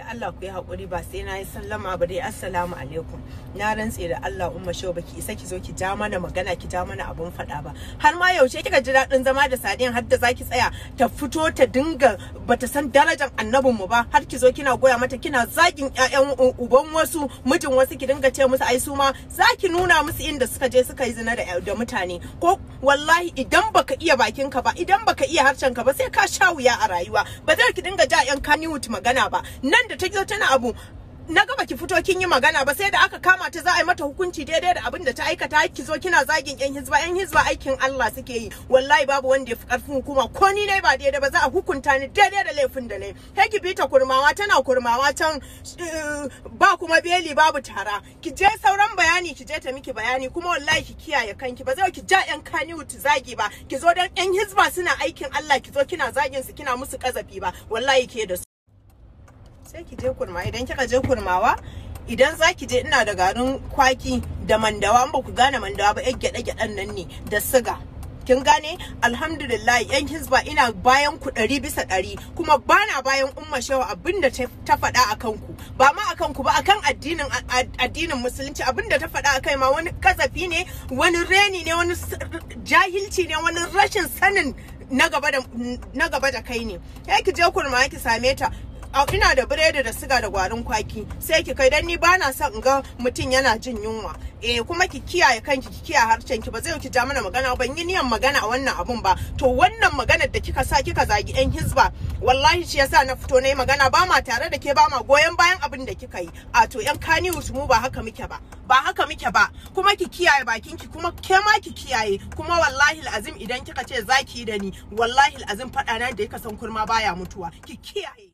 da Allah ku yi haƙuri ba sai na yi sallama ba dai assalamu alaikum na rantse da Allah umma shau baki isa ki zo ki ja mana magana ki ja mana abun faɗa ba har ma yaushe kika ji daɗin zama da sadiyan har da zaki tsaya ta fito ta dinga bata san darajar annabin mu ba har ki zo kina goya mata kina zakin ƴaƴan uban wasu mijin wasu ki dinga ce musu ai su ma zaki nuna musu inda suka je suka yi zina da mutane ko wallahi idan baka iya bakinka ba idan baka iya harshen ka ba sai ka sha wuya a rayuwa ba za ki dinga ja ƴan kaniwut magana ba nan da ta zo tana abu na gaba ki fito kin yi magana ba sai da aka kama ta za a yi mata hukunci daidai da abin da ta aikata ki zo kina zagin yan hizba yan hizba aikin Allah suke yi wallahi babu wanda ya fi karfin hukuma ko ni ne ba daidai ba za a hukunta ni daidai da laifin da nayi kai ki bi kurmawa tana kurmawa can eh, ba kuma beli babu tara ki je sauran bayani ki je ta miki bayani kuma wallahi ki kiyaye kanki ba zai ki ja yan kaniwut zagi ba ki zo dan yan hizba suna aikin Allah ki zo kina zagin su kina musu kazafi ba wallahi ke da sai ki je kurma idan kika je kurmawa idan za ki je ina da garin kwaki da mandawa ba ku gane mandawa ba yan gyaɗe-gyaɗen nan ne da siga kin gane alhamdulillah yan Hisba ina bayan ku ɗari bisa ɗari kuma bana bayan umma shawa abinda ta faɗa a kanku ba ma a kanku ba akan addinin addinin musulunci abinda ta faɗa a kai ma wani kazafi ne wani reni ne wani jahilci ne wani rashin sanin na gaba da kai ne ya ki je kurma ki same ta ina da biredi da siga da gwarin kwaki sai ki kai dan ni bana son in ga mutum yana jin yunwa eh kuma ki kiyaye kanki ki kiyaye harshen ki ba zai ki ja mana magana ban yi niyan magana a wannan abun ba to wannan maganar da kika sa kika zagi yan Hisba, wallahi shi yasa na fito nayi magana ba ma tare da ke ba ma goyen bayan abin da kika yi a to yan su mu ba haka muke ba ba haka muke ba kuma ki kiyaye bakin ki kuma ke ma ki kiyaye kuma wallahi azim idan kika ce zaki da ni wallahi azim fada na da yaka san kurma baya mutuwa ki kiyaye